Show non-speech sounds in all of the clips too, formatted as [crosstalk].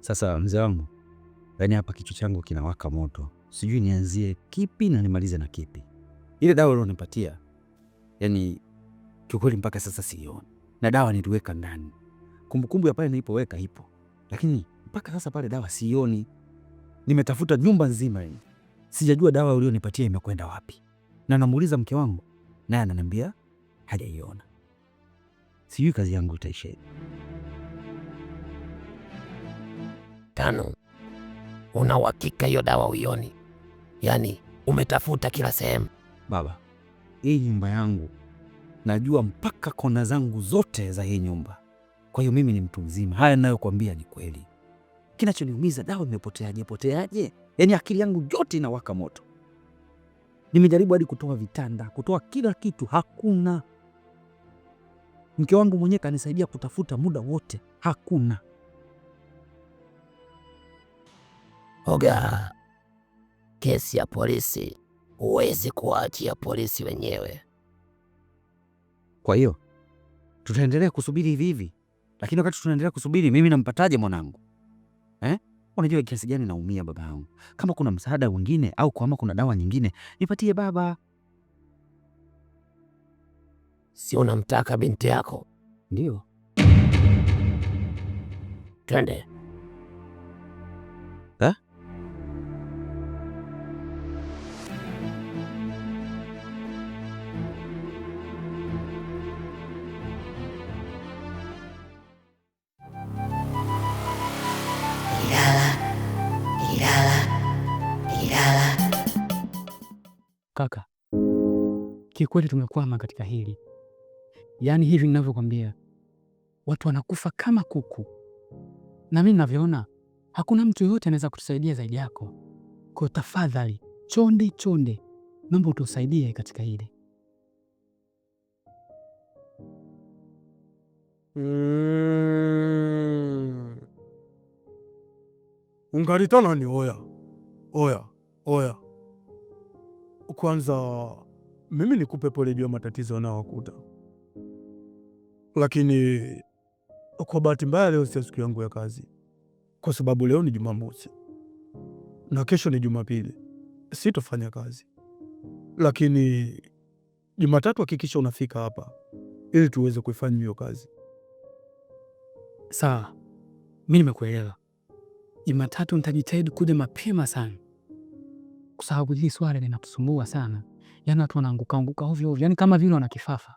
Sasa mzee wangu, yaani hapa kichwa changu kinawaka moto, sijui nianzie kipi na nimalize na kipi. Ile dawa ulionipatia, yaani kiukweli mpaka sasa sioni, na dawa niliweka ndani, kumbukumbu ya pale nilipoweka ipo, lakini mpaka sasa pale dawa sioni. Nimetafuta nyumba nzima hii, sijajua dawa ulionipatia imekwenda wapi, na namuuliza mke wangu naye ananiambia hajaiona sijui kazi yangu itaishaje. Tano, una uhakika hiyo dawa uioni? Yaani umetafuta kila sehemu? Baba, hii nyumba yangu najua mpaka kona zangu zote za hii nyumba, kwa hiyo mimi ni mtu mzima. Haya ninayokuambia ni kweli. Kinachoniumiza dawa imepoteaje poteaje? Yaani akili yangu yote inawaka moto. Nimejaribu hadi kutoa vitanda, kutoa kila kitu, hakuna Mke wangu mwenyewe kanisaidia kutafuta muda wote, hakuna Oga, kesi ya polisi huwezi kuwaachia polisi wenyewe. Kwa hiyo tutaendelea kusubiri hivi hivi, lakini wakati tunaendelea kusubiri, mimi nampataje mwanangu eh? Unajua kiasi gani naumia baba yangu. Kama kuna msaada wengine au kama kuna dawa nyingine nipatie baba, si unamtaka binti yako? Ndio. Twende. Eh? Kaka, kikweli tumekwama katika hili. Yaani hivi ninavyokwambia, watu wanakufa kama kuku, na mimi ninavyoona hakuna mtu yoyote anaweza kutusaidia zaidi yako. Kwa tafadhali, chonde chonde, naomba utusaidie katika hili. Mm. Ungarita nani? Oya oya oya, kwanza mimi nikupe pole juu ya matatizo yanayowakuta lakini kwa bahati mbaya leo sio siku yangu ya kazi, kwa sababu leo ni Jumamosi na kesho ni Jumapili, sitofanya kazi. Lakini Jumatatu hakikisha unafika hapa ili tuweze kuifanya hiyo kazi. Sawa, mi nimekuelewa. Jumatatu nitajitahidi kuja mapema sana, kwa sababu hili swala linatusumbua sana, yaani watu wanaanguka anguka ovyo ovyo, yaani kama vile wana kifafa.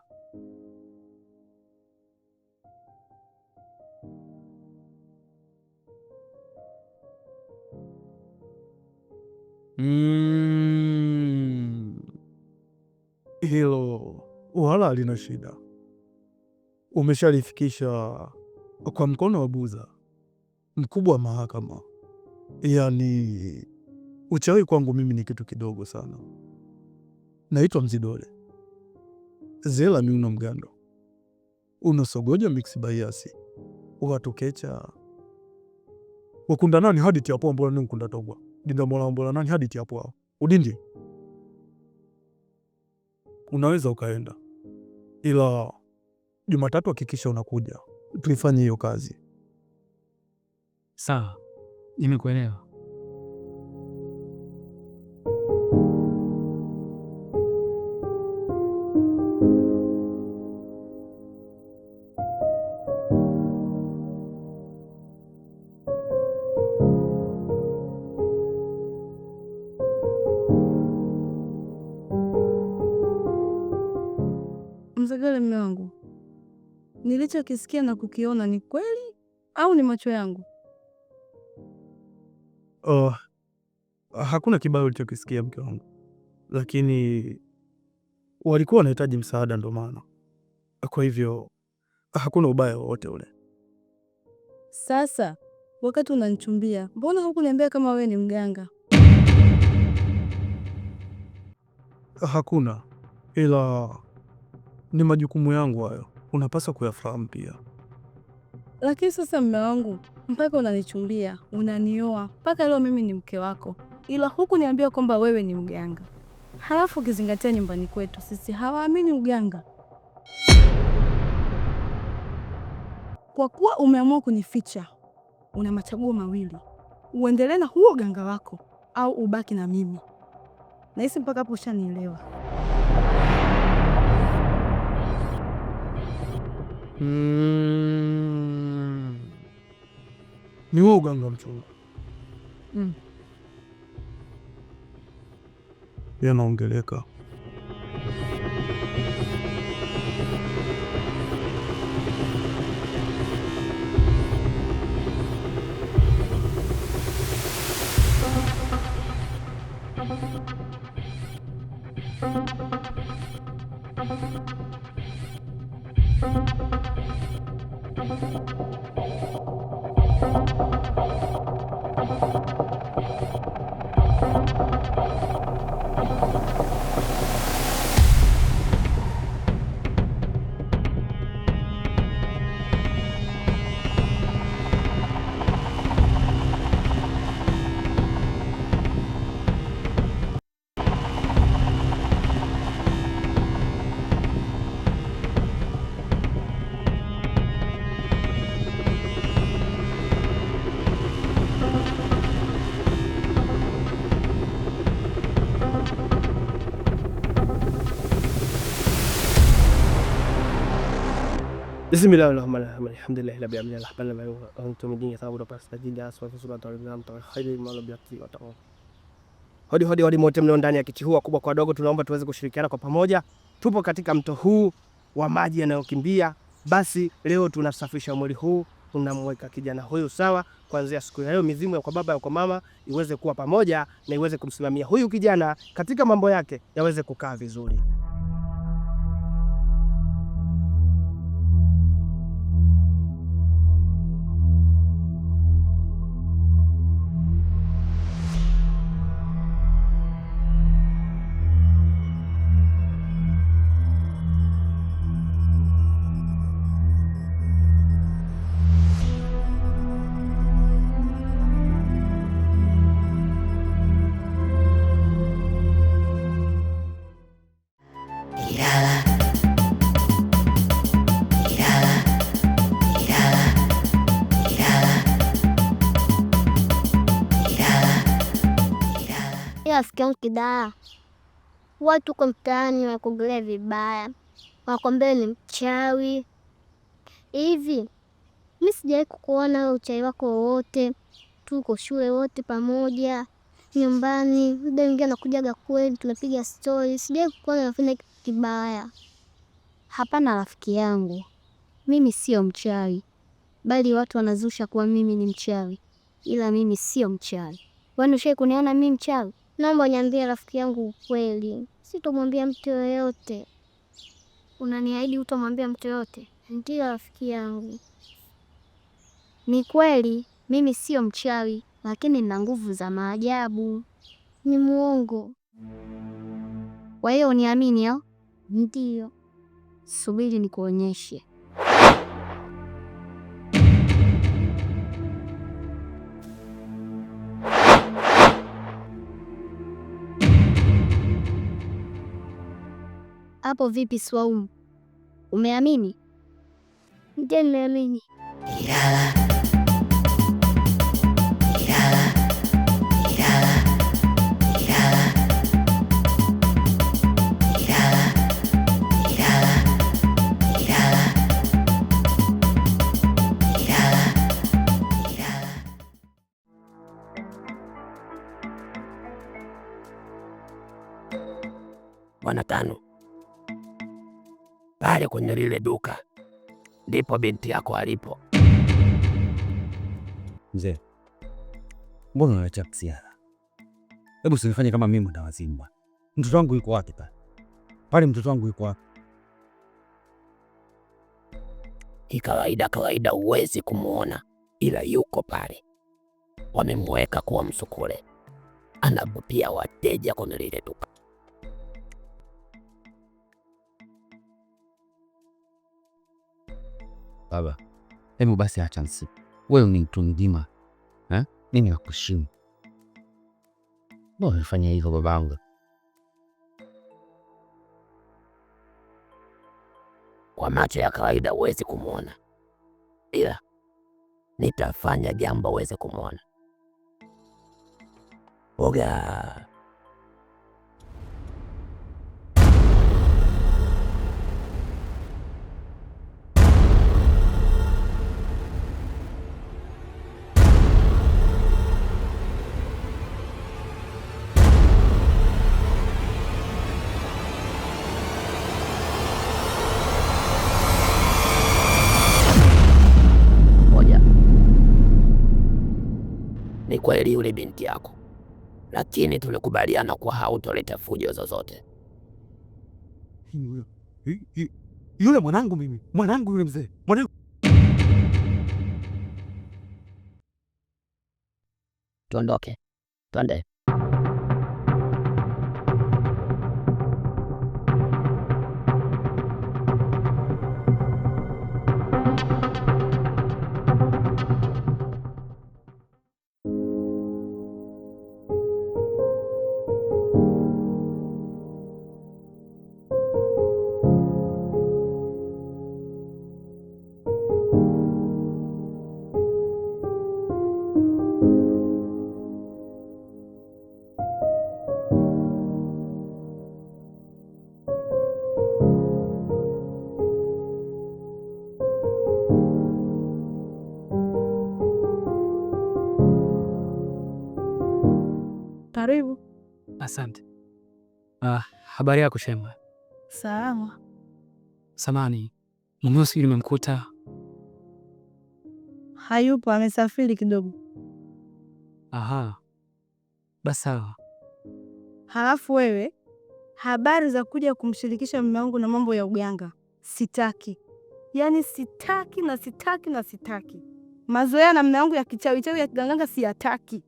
Mm. Hilo wala halina shida, umeshalifikisha kwa mkono wa Buza, mkubwa wa mahakama. Yaani uchawi kwangu mimi ni kitu kidogo sana. Naitwa Mzidole zela miuno mgando unasogoja miksi bayasi watukecha wakunda nani hadi mbona ni mkunda togwa dinda mbola nani hadi hapo hao udindi, unaweza ukaenda, ila Jumatatu hakikisha unakuja tuifanye hiyo kazi. Sawa, nimekuelewa. vile, mume wangu, nilichokisikia na kukiona ni kweli au ni macho yangu? Oh, hakuna kibaya ulichokisikia mke wangu, lakini walikuwa wanahitaji msaada, ndo maana. Kwa hivyo hakuna ubaya wowote ule. Sasa wakati unanichumbia, mbona hukuniambia kama wewe ni mganga? Hakuna, ila ni majukumu yangu hayo, unapaswa kuyafahamu pia. Lakini sasa mme wangu, mpaka unanichumbia, unanioa, mpaka leo mimi ni mke wako, ila huku niambia kwamba wewe ni mganga. Halafu ukizingatia nyumbani kwetu sisi hawaamini uganga. Kwa kuwa umeamua kunificha, una machaguo mawili: uendelee na huo uganga wako au ubaki na mimi. Nahisi mpaka hapo ushanielewa. Hmm. Ni wewe uganga mchungu. Mm. Yanaongeleka. Bismillahi rahmani rahim hodi hodi hodi mote mlio ndani ya kiti huu wakubwa kwa wadogo tunaomba tuweze kushirikiana kwa pamoja tupo katika mto huu wa maji yanayokimbia basi leo tunasafisha mwili huu tunamweka kijana huyu sawa kuanzia siku ya leo mizimu ya kwa baba ya kwa mama iweze kuwa pamoja na iweze kumsimamia huyu kijana katika mambo yake yaweze kukaa vizuri rafiki yangu Kidaha, watu huko mtaani wanakuongelea vibaya, wanakuambia ni mchawi hivi. Mi sijawahi kukuona we uchawi wako wowote, tuko shule wote pamoja, nyumbani, muda mwingine nakujaga kweli, tunapiga stori. Sijawahi kukuona unafanya kitu kibaya. Hapana rafiki yangu, mimi sio mchawi, bali watu wanazusha kuwa mimi ni mchawi, ila mimi sio mchawi. Wani ushai kuniona mi mchawi? Naomba uniambie rafiki yangu ukweli, sitomwambia mtu yoyote. Unaniahidi utomwambia mtu yoyote? Ndiyo rafiki yangu. Ni kweli mimi sio mchawi, lakini nina nguvu za maajabu. Ni muongo, kwa hiyo uniamini au? Ndiyo. Subiri nikuonyeshe. Hapo vipi Swaumu, umeamini? Ndiyo, nimeamini. Ilala, Ilala, Ilala, Ilala, Ilala, Ilala, Ilala, Ilala, Ilala. Bwana Tano pale kwenye lile duka ndipo binti yako alipo. Mzee, mbona unaacha kisiara? Hebu usinifanye kama mimi mwenda wazimu Mtoto wangu yuko wapi pale? Pale mtoto wangu yuko wapi? Kikawaida kawaida huwezi kumuona, ila yuko pale, wamemweka kuwa msukule, anavutia wateja kwenye lile duka. baba, hebu basi acha nsi, wewe ni mtu mzima, Nini nakuheshimu. Mbona unafanya hivyo babangu? Kwa macho ya kawaida huwezi kumwona, ila nitafanya jambo uweze kumwona. Oga kweli yule binti yako, lakini tulikubaliana kwa hautoleta fujo zozote. Yule mwanangu mimi, mwanangu yule mzee, mwanangu. Tuondoke, twende. Karibu. Asante. Ah, habari yako Shema? Salama. Samani, mumeo sijui nimemkuta. Hayupo, amesafiri kidogo. Aha, basi sawa. Halafu wewe, habari za kuja kumshirikisha mume wangu na mambo ya uganga sitaki, yaani sitaki na sitaki na sitaki. Mazoea na mume wangu ya kichawichawi ya kiganganga siyataki.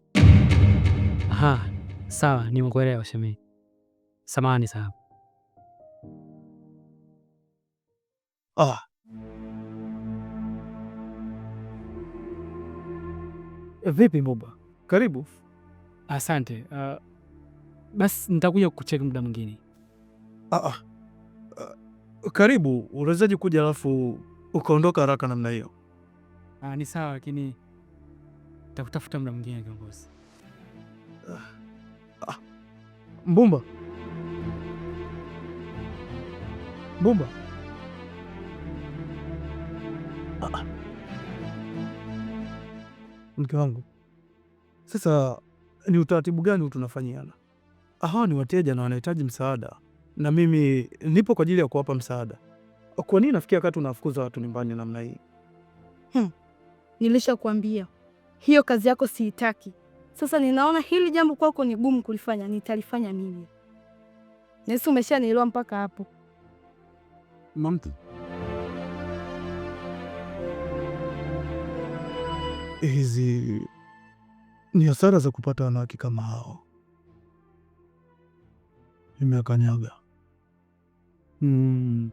Aha. Sawa, nimekuelewa shemeji. Samahani sana. Oh. Vipi Mbuba? Karibu. Asante. Uh, basi nitakuja kucheki muda mwingine. Ah, ah. Uh, karibu. Unawezaje kuja alafu ukaondoka haraka namna hiyo? Ah, ni sawa lakini nitakutafuta muda mwingine kiongozi. Ah. Mbumba, Mbumba, ah. Mke wangu, sasa ni utaratibu gani tunafanyiana? Hawa ni wateja na wanahitaji msaada, na mimi nipo kwa ajili ya kuwapa msaada. Kwa nini nafikia wakati unawafukuza watu nyumbani namna hii? Hmm. Nilishakwambia hiyo kazi yako siitaki. Sasa ninaona hili jambo kwako ni gumu kulifanya, nitalifanya mimi. Nesi, umeshanielewa mpaka hapo? Mamtu hizi ni hasara za kupata wanawake kama hao. Imeakanyaga mm.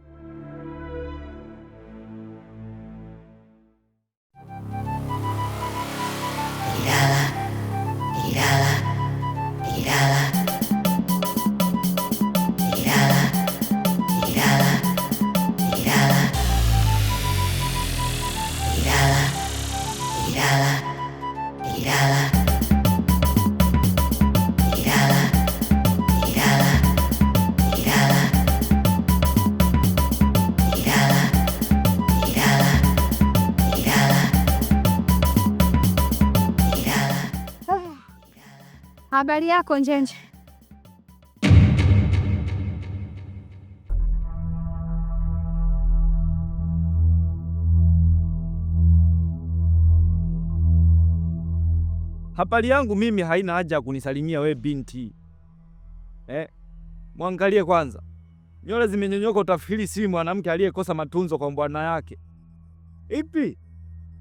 Habari yako Njenje? Habari yangu mimi haina haja ya kunisalimia we binti eh. Mwangalie kwanza, nywele zimenyonyoka, utafikiri si mwanamke aliyekosa matunzo kwa bwana yake. Ipi,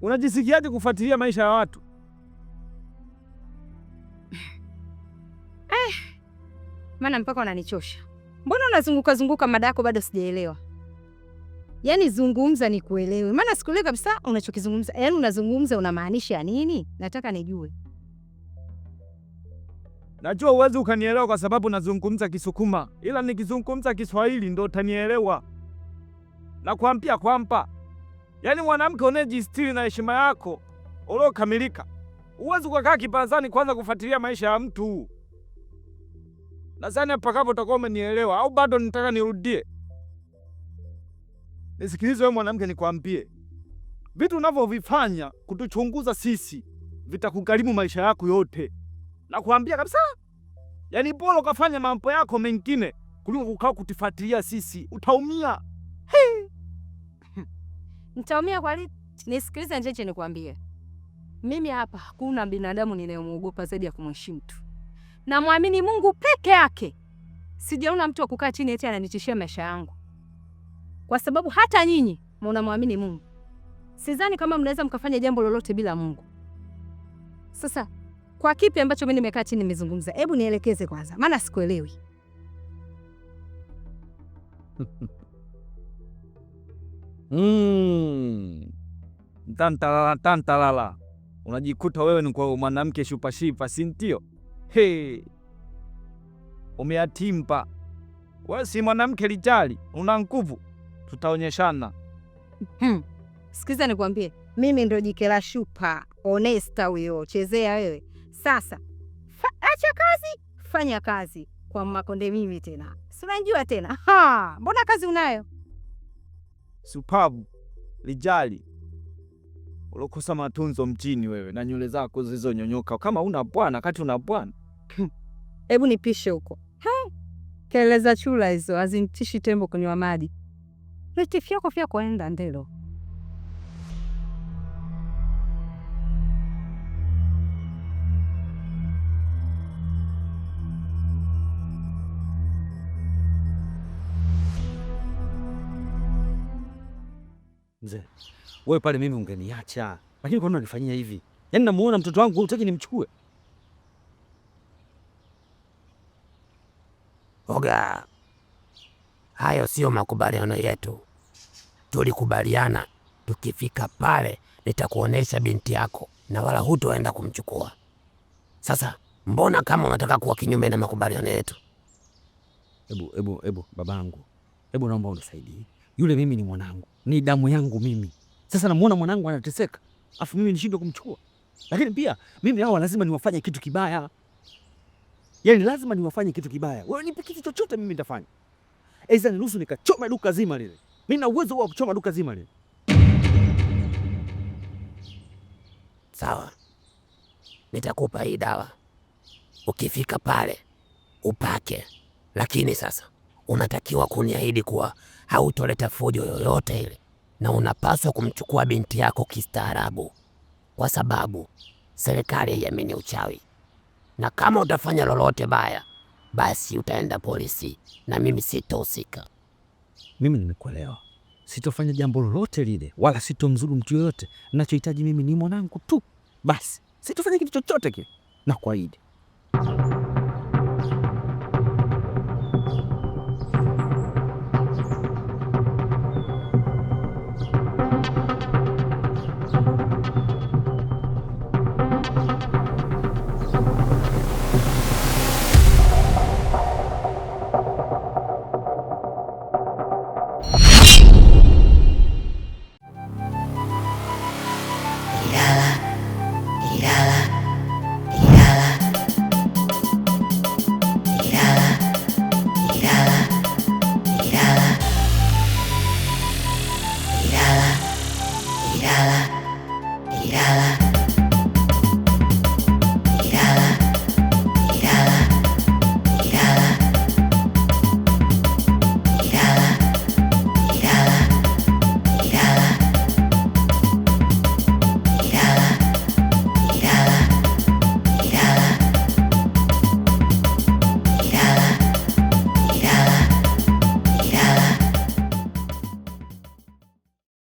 unajisikiaje kufuatilia maisha ya watu? maana mpaka unanichosha. Mbona unazunguka zunguka mada yako, bado sijaelewa. Yaani zungumza nikuelewe, maana sikuelewi kabisa unachokizungumza. Yaani unazungumza unamaanisha nini? Nataka nijue. Najua uwezi ukanielewa kwa sababu nazungumza Kisukuma, ila nikizungumza Kiswahili ndo utanielewa. Nakwambia kwamba yaani mwanamke unayejistiri na heshima yako uliokamilika, uwezi ukakaa kibarazani kwanza kufuatilia maisha ya mtu. Nadhani pakapo utakuwa umenielewa, au bado nitaka nirudie? Nisikilize wewe mwanamke, nikwambie, vitu unavyovifanya kutuchunguza sisi vitakugharimu maisha yako yote, nakwambia kabisa. Yaani bora ukafanya mambo yako mengine kuliko kukaa kutifuatilia sisi, utaumia. Nitaumia kwa nini? Nisikilize Njeche, nikwambie, mimi hapa hakuna binadamu ninayemwogopa zaidi ya kumheshimu tu namwamini Mungu peke yake. Sijaona mtu wa kukaa chini eti ananitishia maisha yangu, kwa sababu hata nyinyi mnamwamini Mungu. Sidhani kama mnaweza mkafanya jambo lolote bila Mungu. Sasa kwa kipi ambacho mimi nimekaa chini nimezungumza? Hebu nielekeze kwanza, maana sikuelewi. [laughs] Mm. Tantalala tantalala, unajikuta wewe ni kwa mwanamke shupashipa, si ndio? He, umeatimpa wewe, si mwanamke lijali, una nguvu, tutaonyeshana. Hmm. Sikiza nikwambie, mimi ndo jike la shupa. Onesta huyo, chezea wewe sasa. Fa, Acha kazi, fanya kazi kwa makonde. Mimi tena si unajua tena, mbona kazi unayo supabu lijali ulokosa matunzo mjini wewe na nywele zako zilizonyonyoka, kama una bwana kati, una bwana Hebu [coughs] nipishe huko. Kelele za chura hizo hazimtishi tembo kunywa maji. fyako fya enda ndelo. Mzee, wewe pale mimi ungeniacha, lakini kwa nini unanifanyia hivi? Yaani namuona mtoto wangu, utaki nimchukue Oga, hayo sio makubaliano yetu. Tulikubaliana tukifika pale nitakuonesha binti yako na wala hutoenda kumchukua. Sasa mbona kama unataka kuwa kinyume na makubaliano yetu? Ebu, ebu, ebu babangu, ebu naomba unisaidie. Yule mimi ni mwanangu, ni damu yangu mimi. Sasa namuona mwanangu anateseka, afu mimi nishindwe kumchukua? Lakini pia mimi hawa lazima niwafanye kitu kibaya. Yaani lazima niwafanye kitu kibaya. Wewe nipe kitu chochote mimi nitafanya. Aidha niruhusu nikachoma duka zima lile. na uwezo wa kuchoma duka zima lile. Sawa. Nitakupa hii dawa. Ukifika pale upake. Lakini sasa unatakiwa kuniahidi kuwa hautoleta fujo yoyote ile na unapaswa kumchukua binti yako kistaarabu, kwa sababu serikali haiamini uchawi na kama utafanya lolote baya, basi utaenda polisi na mimi sitohusika. Mimi nimekuelewa, sitofanya jambo lolote lile, wala sitomzuru mtu yoyote. Nachohitaji mimi ni mwanangu tu, basi sitofanya kitu chochote kile, nakuahidi.